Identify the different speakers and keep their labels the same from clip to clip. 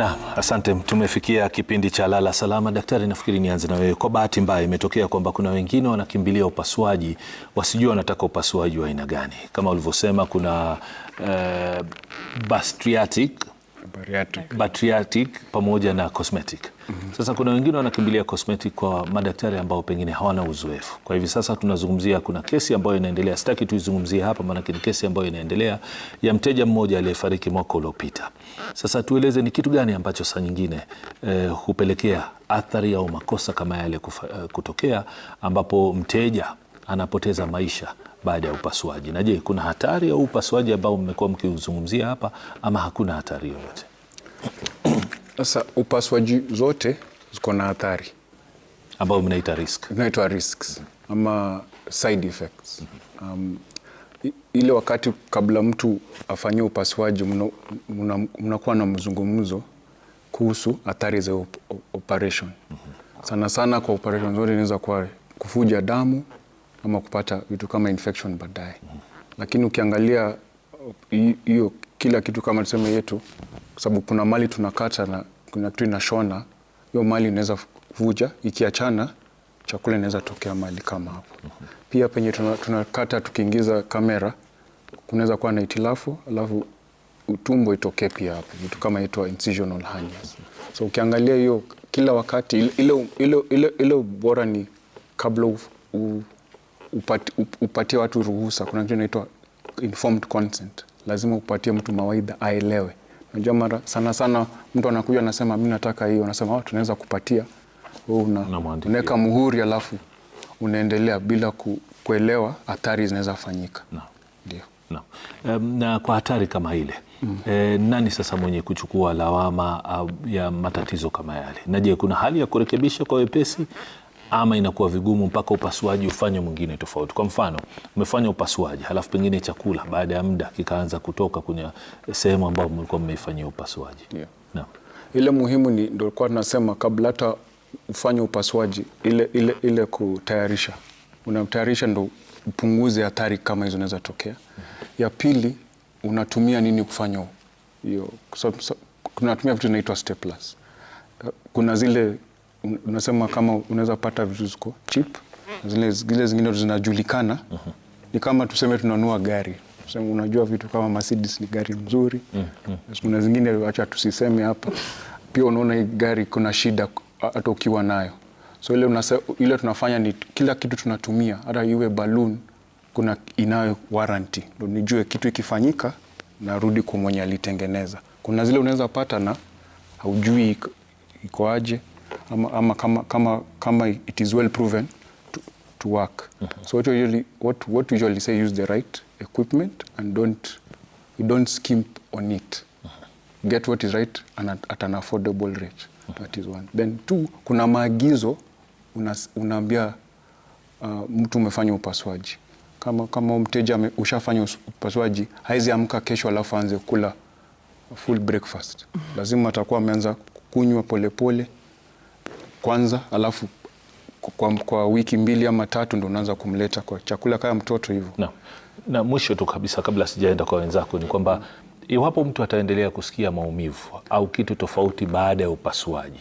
Speaker 1: Naam, asante. Tumefikia kipindi cha lala salama. Daktari, nafikiri nianze na wewe. Kwa bahati mbaya imetokea kwamba kuna wengine wanakimbilia upasuaji, wasijua wanataka upasuaji wa aina gani. Kama ulivyosema, kuna uh, eh, bastriatic bariatric, bariatric pamoja na cosmetic. Mm -hmm. Sasa kuna wengine wanakimbilia cosmetic kwa madaktari ambao pengine hawana uzoefu. Kwa hivi sasa tunazungumzia, kuna kesi ambayo inaendelea, sitaki tuizungumzie hapa, maanake ni kesi ambayo inaendelea ya mteja mmoja aliyefariki mwaka uliopita. Sasa tueleze ni kitu gani ambacho saa nyingine eh, hupelekea athari au makosa kama yale eh, kutokea ambapo mteja anapoteza maisha baada ya upasuaji. Na je, kuna hatari ya upasuaji ambao mmekuwa mkiuzungumzia hapa ama hakuna hatari yoyote?
Speaker 2: Sasa upasuaji zote ziko na hatari
Speaker 1: ambao mnaita risk,
Speaker 2: mnaitwa risks ama side effects. Um, ile wakati kabla mtu afanyie upasuaji mnakuwa na mzungumzo kuhusu hatari za op operation. Mhm. Sana sana kwa operation zote inaweza kuwa kufuja damu ama kupata vitu kama infection baadaye. Lakini ukiangalia uh, hiyo kila kitu kama tuseme yetu, kwa sababu kuna mali tunakata na kuna kitu inashona, hiyo mali inaweza vuja, ikiachana chakula inaweza tokea mali kama hapo. Pia penye tunakata tukiingiza kamera kunaweza kuwa na itilafu, alafu utumbo itokee pia hapo, vitu kama itwa incisional hernias. So ukiangalia hiyo kila wakati ile, ile, ile, ile, bora ni kabla upati, upatie watu ruhusa. Kuna kitu inaitwa informed consent, lazima upatie mtu mawaidha aelewe. Unajua mara sana sana mtu anakuja anasema mimi nataka hiyo, anasema oh, tunaweza kupatia oh, wewe, unaweka muhuri alafu unaendelea bila ku, kuelewa hatari zinaweza fanyika
Speaker 1: Ndio. na. Um, na kwa hatari kama ile mm. E, nani sasa mwenye kuchukua lawama ya matatizo kama yale? Na je, kuna hali ya kurekebisha kwa wepesi ama inakuwa vigumu mpaka upasuaji ufanywe mwingine tofauti. Kwa mfano, umefanya upasuaji halafu pengine chakula baada ya muda kikaanza kutoka kwenye sehemu ambayo mlikuwa mmeifanyia upasuaji yeah.
Speaker 2: Ile muhimu ni ndio kwa tunasema kabla hata ufanye upasuaji ile, ile, ile kutayarisha, unatayarisha ndo upunguze hatari kama hizo zinaweza tokea. Ya pili unatumia nini kufanya hiyo, tunatumia vitu inaitwa staplers. Kuna zile unasema kama unaweza pata vitu ziko chip zile zile zingine zinajulikana. mm -hmm. Ni kama tuseme tunanua gari, tuseme unajua vitu kama Mercedes ni gari mzuri. mm -hmm. Kuna zingine acha tusiseme hapa, pia unaona hii gari kuna shida hata ukiwa nayo, so ile unase, ile tunafanya ni kila kitu tunatumia, hata iwe balloon kuna inayo warranty, ndio nijue kitu ikifanyika narudi kwa mwenye alitengeneza. Kuna zile unaweza pata na haujui ikoaje ama, ama kama, kama, kama it is well proven to, to work. Mm -hmm. So what we usually, what, what we usually say use the right equipment and don't, don't skimp on it. Mm -hmm. Get what is right and at, at an affordable rate. Mm -hmm. That is one. Then two, kuna maagizo unaambia una uh, mtu umefanya upasuaji kama, kama mteja ushafanya upasuaji haizi amka kesho alafu aanze kula full breakfast. Mhm. Lazima atakuwa ameanza kunywa polepole kwanza, alafu kwa, kwa wiki mbili ama tatu ndo unaanza kumleta kwa chakula kama mtoto hivyo.
Speaker 1: Na, na mwisho tu kabisa kabla sijaenda kwa wenzako ni kwamba iwapo mtu ataendelea kusikia maumivu au kitu tofauti baada ya upasuaji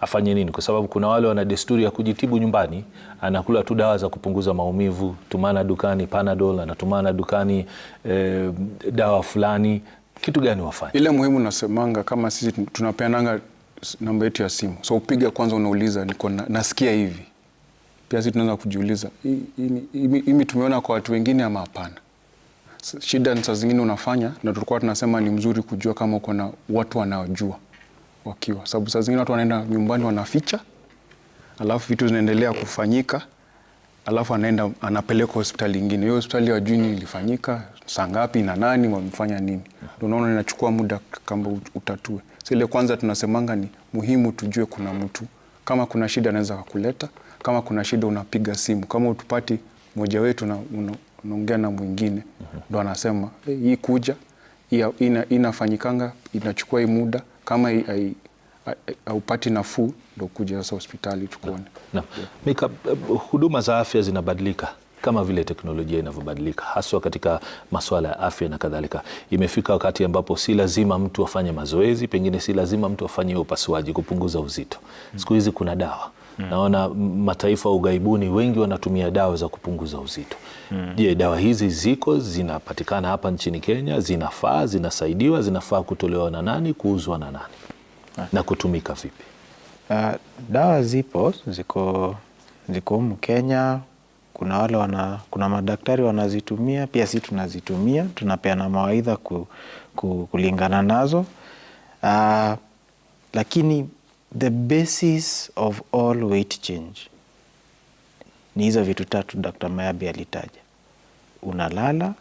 Speaker 1: afanye nini? Kwa sababu kuna wale wana desturi ya kujitibu nyumbani, anakula tu dawa za kupunguza maumivu, tumana dukani Panadol, anatumana dukani e, dawa fulani. Kitu gani wafanye?
Speaker 2: Ile muhimu nasemanga, kama sisi tunapeananga namba yetu ya simu. So upiga kwanza, unauliza niko na, nasikia hivi. Pia sisi tunaanza kujiuliza hii tumeona kwa watu wengine ama hapana. Shida ni saa zingine unafanya, na tulikuwa tunasema ni mzuri kujua kama uko na watu wanaojua wakiwa, sababu saa zingine watu wanaenda nyumbani wanaficha, alafu vitu zinaendelea kufanyika, alafu anaenda anapelekwa hospitali nyingine, hiyo hospitali wajui nini ilifanyika, saa ngapi na nani wamefanya nini. Ndio unaona inachukua muda kama utatue. So ile kwanza tunasemanga ni muhimu tujue kuna mtu, kama kuna shida anaweza kukuleta, kama kuna shida unapiga simu, kama utupati mmoja wetu unaongea na mwingine ndo anasema hey, hii kuja ina, inafanyikanga inachukua hii muda kama hii, haupati nafuu ndo kuja sasa hospitali tukuone. No. No.
Speaker 1: Yeah. Mika, eh, huduma za afya zinabadilika kama vile teknolojia inavyobadilika haswa katika masuala ya afya na kadhalika. Imefika wakati ambapo si lazima mtu afanye mazoezi, pengine si lazima mtu afanye upasuaji kupunguza uzito. Siku hizi kuna dawa hmm. Naona mataifa ughaibuni wengi wanatumia dawa za kupunguza uzito. Hmm. Je, hmm. dawa hizi ziko zinapatikana hapa nchini Kenya? Zinafaa, zinasaidiwa, zinafaa kutolewa na nani, kuuzwa na nani? Okay. na kutumika vipi?
Speaker 3: Uh, dawa zipo ziko ziko humu Kenya kuna wale wana, kuna madaktari wanazitumia pia, si tunazitumia, tunapeana mawaidha ku, ku, kulingana nazo uh, lakini the basis of all weight change ni hizo vitu tatu Dr. Mayabi alitaja: unalala,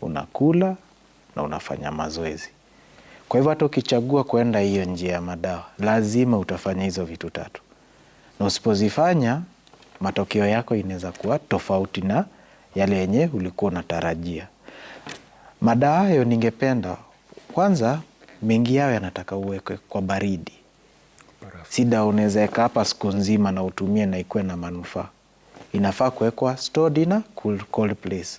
Speaker 3: unakula na unafanya mazoezi. Kwa hivyo hata ukichagua kwenda hiyo njia ya madawa, lazima utafanya hizo vitu tatu, na usipozifanya matokeo yako inaweza kuwa tofauti na yale yenye ulikuwa unatarajia. Madawa hayo ningependa kwanza, mengi yao yanataka uwekwe kwa baridi. Sida unaweza weka hapa siku nzima na utumie na ikuwe na manufaa. Inafaa kuwekwa stored in a cool, cold place.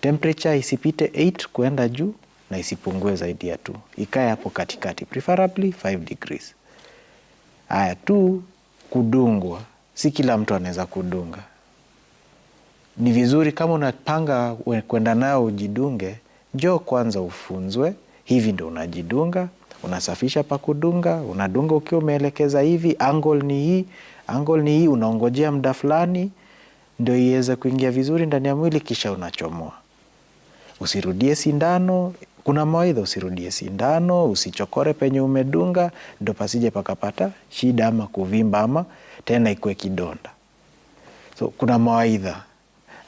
Speaker 3: Temperature isipite 8 kuenda juu na isipungue zaidi ya 2. Ikae hapo katikati, preferably 5 degrees. Haya tu kudungwa si kila mtu anaweza kudunga. Ni vizuri kama unapanga kwenda nao ujidunge, njoo kwanza ufunzwe, hivi ndo unajidunga, unasafisha pa kudunga, unadunga ukiwa umeelekeza hivi, angle ni hii, angle ni hii, unaongojea muda fulani ndio iweze kuingia vizuri ndani ya mwili, kisha unachomoa. Usirudie sindano. Kuna mawaidha, usirudie sindano, usichokore penye umedunga, ndo pasije pakapata shida ama kuvimba ama tena ikuwe kidonda. So kuna mawaidha,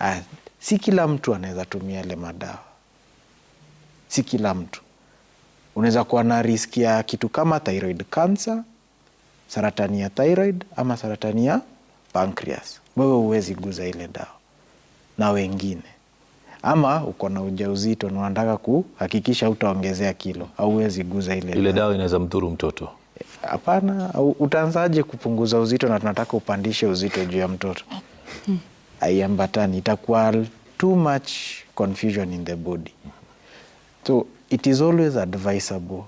Speaker 3: ah, si kila mtu anaweza tumia ile madawa, si kila mtu unaweza kuwa na riski ya kitu kama thyroid cancer, saratani ya thyroid ama saratani ya pancreas. Wewe huwezi guza ile dawa na wengine, ama uko na ujauzito na unataka kuhakikisha utaongezea kilo, hauwezi guza ile
Speaker 1: ile dawa inaweza mdhuru mtoto.
Speaker 3: Hapana, utaanzaje kupunguza uzito na tunataka upandishe uzito juu ya mtoto? Haiambatani, itakuwa too much confusion in the body. So it is always advisable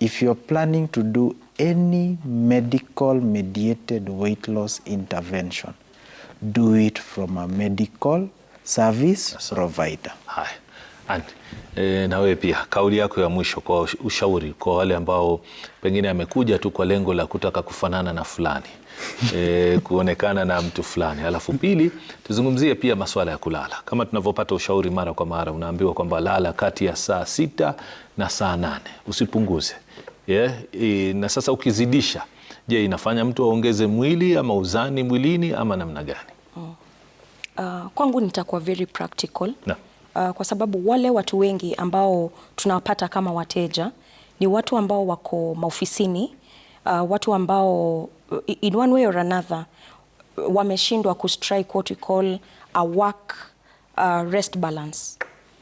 Speaker 3: if you are planning to do any medical mediated weight loss intervention do it from a medical service provider. Hai.
Speaker 1: Andy, e, eh, na wewe pia kauli yako ya mwisho kwa ushauri kwa wale ambao pengine amekuja tu kwa lengo la kutaka kufanana na fulani e, kuonekana na mtu fulani. Alafu pili, tuzungumzie pia masuala ya kulala. Kama tunavyopata ushauri mara kwa mara, unaambiwa kwamba lala kati ya saa sita na saa nane usipunguze, yeah? E, na sasa ukizidisha, je, inafanya mtu aongeze mwili ama uzani mwilini ama namna gani?
Speaker 4: Uh, kwangu nitakuwa very practical na uh, kwa sababu wale watu wengi ambao tunawapata kama wateja ni watu ambao wako maofisini uh, watu ambao uh, in one way or another wameshindwa strike what we call a work uh, rest balance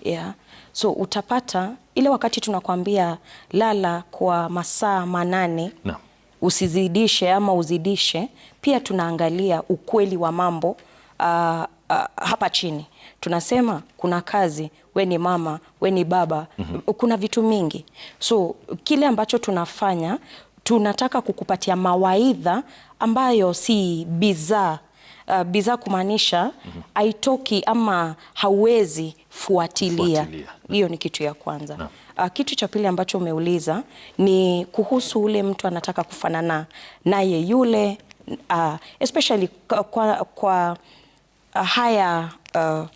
Speaker 4: yeah. So utapata ile wakati tunakwambia lala kwa masaa manane no. Usizidishe ama uzidishe, pia tunaangalia ukweli wa mambo uh, uh, hapa chini tunasema kuna kazi, we ni mama, we ni baba mm -hmm. Kuna vitu mingi, so kile ambacho tunafanya tunataka kukupatia mawaidha ambayo si bidhaa uh, bidhaa kumaanisha mm -hmm. aitoki ama hauwezi fuatilia. Hiyo ni kitu ya kwanza na. Uh, kitu cha pili ambacho umeuliza ni kuhusu ule mtu anataka kufanana naye yule uh, especially kwa, kwa higher uh,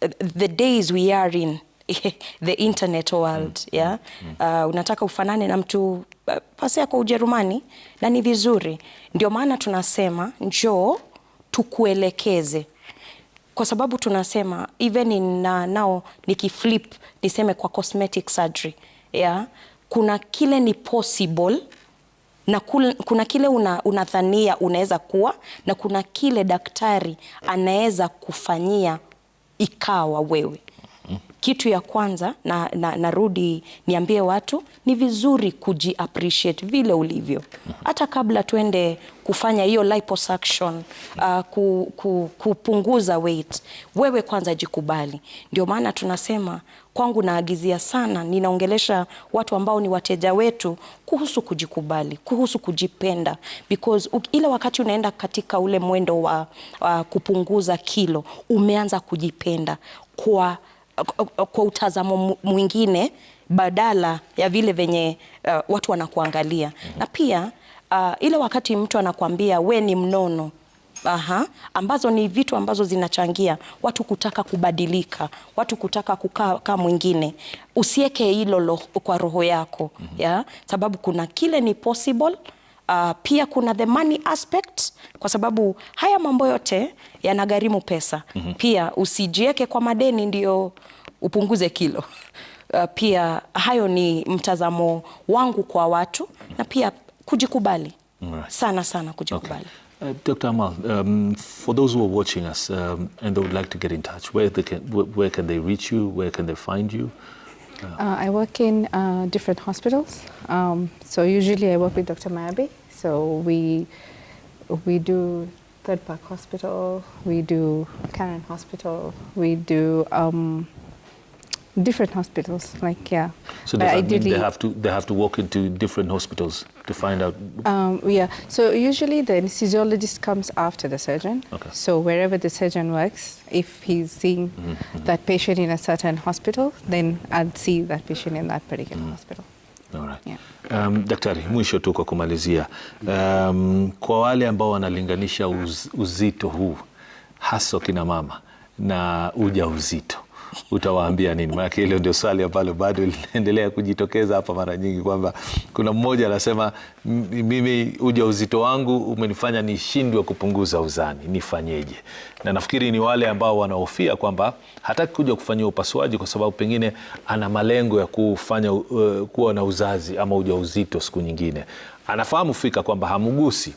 Speaker 4: the days we are in the internet world mm. yeah mm. Uh, unataka ufanane na mtu uh, pasea kwa Ujerumani na ni vizuri, ndio maana tunasema njoo tukuelekeze, kwa sababu tunasema even in uh, now nikiflip niseme kwa cosmetic surgery yeah, kuna kile ni possible na kuna kile una, unadhania unaweza kuwa na kuna kile daktari anaweza kufanyia ikawa wewe kitu ya kwanza na, na, narudi niambie watu ni vizuri kuji appreciate vile ulivyo hata kabla tuende kufanya hiyo liposuction uh, ku, ku, kupunguza weight, wewe kwanza jikubali. Ndio maana tunasema kwangu naagizia sana, ninaongelesha watu ambao ni wateja wetu kuhusu kujikubali, kuhusu kujipenda because ila wakati unaenda katika ule mwendo wa, wa uh, kupunguza kilo umeanza kujipenda kwa kwa utazamo mwingine badala ya vile venye uh, watu wanakuangalia mm -hmm. na pia uh, ile wakati mtu anakuambia we ni mnono Aha, ambazo ni vitu ambazo zinachangia watu kutaka kubadilika, watu kutaka kukaa kama mwingine. usieke hilo kwa roho yako mm -hmm. ya sababu kuna kile ni possible Uh, pia kuna the money aspect kwa sababu haya mambo yote yanagharimu pesa. mm -hmm. Pia usijieke kwa madeni ndio upunguze kilo. Uh, pia hayo ni mtazamo wangu kwa watu na pia kujikubali right. sana sana kujikubali.
Speaker 1: Okay. Uh, Dr. Amal, um, for those who are watching us um, and they would like to get in touch, where, they can, where where can they reach you? Where can they find you?
Speaker 5: Uh, I work in uh, different hospitals. Um, so usually I work with Dr. Mayabe. So we, we do Third Park Hospital, we do Karen Hospital, we do um, different hospitals. Like
Speaker 1: yeah. So does mean they have to they have to walk into different hospitals to find out?
Speaker 5: Um, yeah. So usually the anesthesiologist comes after the surgeon. Okay. So wherever the surgeon works, if he's seeing mm -hmm. that patient in a certain hospital, then I'd see that patient in that particular mm -hmm. hospital.
Speaker 1: Um, daktari, mwisho tu kwa kumalizia, um, kwa wale ambao wanalinganisha uz, uzito huu hasa kina mama na uzito utawaambia nini? Maanake hilo ndio swali ambalo bado linaendelea kujitokeza hapa mara nyingi, kwamba kuna mmoja anasema mimi uja uzito wangu umenifanya nishindwe kupunguza uzani, nifanyeje? Na nafikiri ni wale ambao wanahofia kwamba hataki kuja kufanyia upasuaji kwa sababu pengine ana malengo ya kufanya uh, kuwa na uzazi ama uja uzito siku nyingine. Anafahamu fika kwamba hamgusi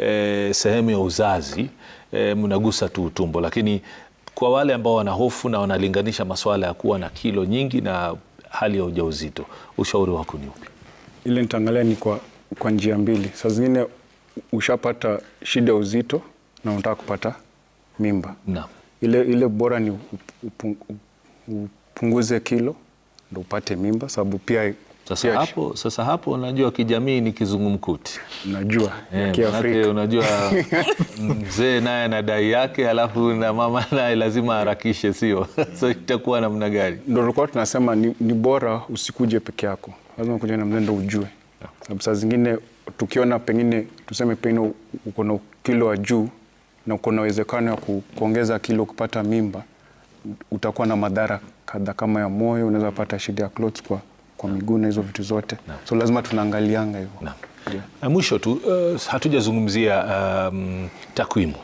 Speaker 1: E, eh, sehemu ya uzazi e, mnagusa tu utumbo lakini kwa wale ambao wana hofu na wanalinganisha masuala ya kuwa na kilo nyingi na hali ya ujauzito, ushauri wako ni upi?
Speaker 2: Ile nitaangalia ni kwa, kwa njia mbili. Saa zingine ushapata shida uzito na unataka kupata mimba na. Ile, ile bora ni upunguze kilo ndo upate mimba, sababu pia
Speaker 1: sasa hapo sasa hapo unajua kijamii ni kizungumkuti. Unajua yeah, Kiafrika. Unajua mzee naye na dai yake alafu na mama naye lazima harakishe sio? so itakuwa namna gani?
Speaker 2: Ndio tulikuwa tunasema ni, ni bora usikuje peke yako. Lazima kuja na mzee ndio ujue. Sababu saa zingine tukiona pengine tuseme pengine uko na kilo wa juu na uko na uwezekano ya kuongeza kilo kupata mimba, utakuwa na madhara kadha kama ya moyo, unaweza pata shida ya clots kwa kwa miguu na hizo vitu zote na. So lazima tunaangalianga hivyo
Speaker 1: yeah. Mwisho tu uh, hatujazungumzia um, takwimu,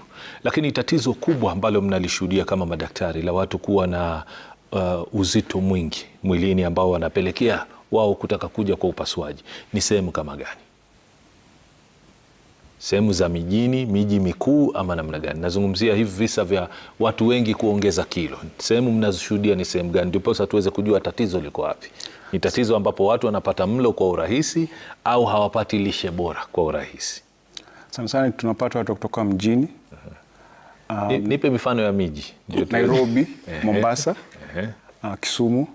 Speaker 1: lakini tatizo kubwa ambalo mnalishuhudia kama madaktari la watu kuwa na uh, uzito mwingi mwilini ambao wanapelekea wao kutaka kuja kwa upasuaji ni sehemu kama gani? Sehemu za mijini, miji mikuu ama namna gani? Nazungumzia hivi visa vya watu wengi kuongeza kilo, sehemu mnazoshuhudia ni sehemu gani? Ndiposa tuweze kujua tatizo liko wapi. Ni tatizo ambapo watu wanapata mlo kwa urahisi au hawapati lishe bora kwa urahisi.
Speaker 2: Sana sana tunapata watu kutoka mjini.
Speaker 1: Um, ni, ah, nipe mifano ya miji
Speaker 2: Nairobi, Mombasa, uh, Kisumu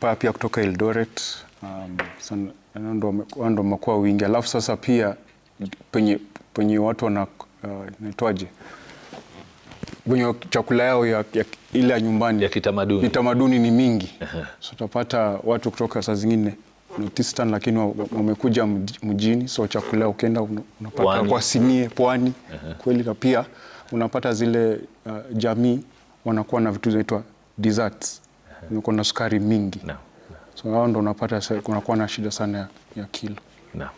Speaker 2: paa pia kutoka Eldoret um, ndo wamekuwa wingi, alafu sasa pia penye, penye watu wana uh, kwenye chakula yao ya, ya, ile ya nyumbani ya kitamaduni, kitamaduni ni mingi so utapata watu kutoka saa zingine North lakini wamekuja mjini, so chakula ukienda unapata pwani. Kwa sinie pwani kweli, na pia unapata zile uh, jamii wanakuwa na vitu zinaitwa desserts, -huh. na sukari mingi no, no. So hao ndo unapata kunakuwa na shida sana ya, ya kilo. Naam.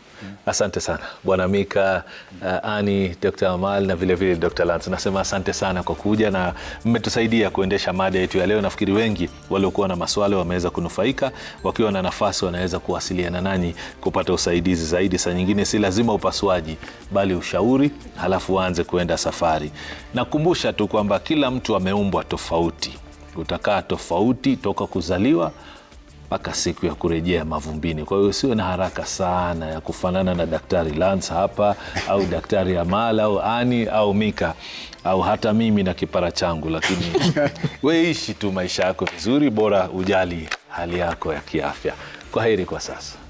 Speaker 1: Asante sana Bwana Mika, uh, Ani, Dr. Amal na vilevile Dr. Lance, nasema asante sana kwa kuja na mmetusaidia kuendesha mada yetu ya leo. Nafikiri wengi waliokuwa na maswali wameweza kunufaika, wakiwa na nafasi wanaweza kuwasiliana nanyi kupata usaidizi zaidi. Saa nyingine si lazima upasuaji, bali ushauri, halafu waanze kuenda safari. Nakumbusha tu kwamba kila mtu ameumbwa tofauti, utakaa tofauti toka kuzaliwa mpaka siku ya kurejea mavumbini. Kwa hiyo usiwe na haraka sana ya kufanana na Daktari Lance hapa au Daktari Amala au Ani au Mika au hata mimi na kipara changu, lakini we ishi tu maisha yako vizuri, bora ujali hali yako ya kiafya. Kwa heri kwa sasa.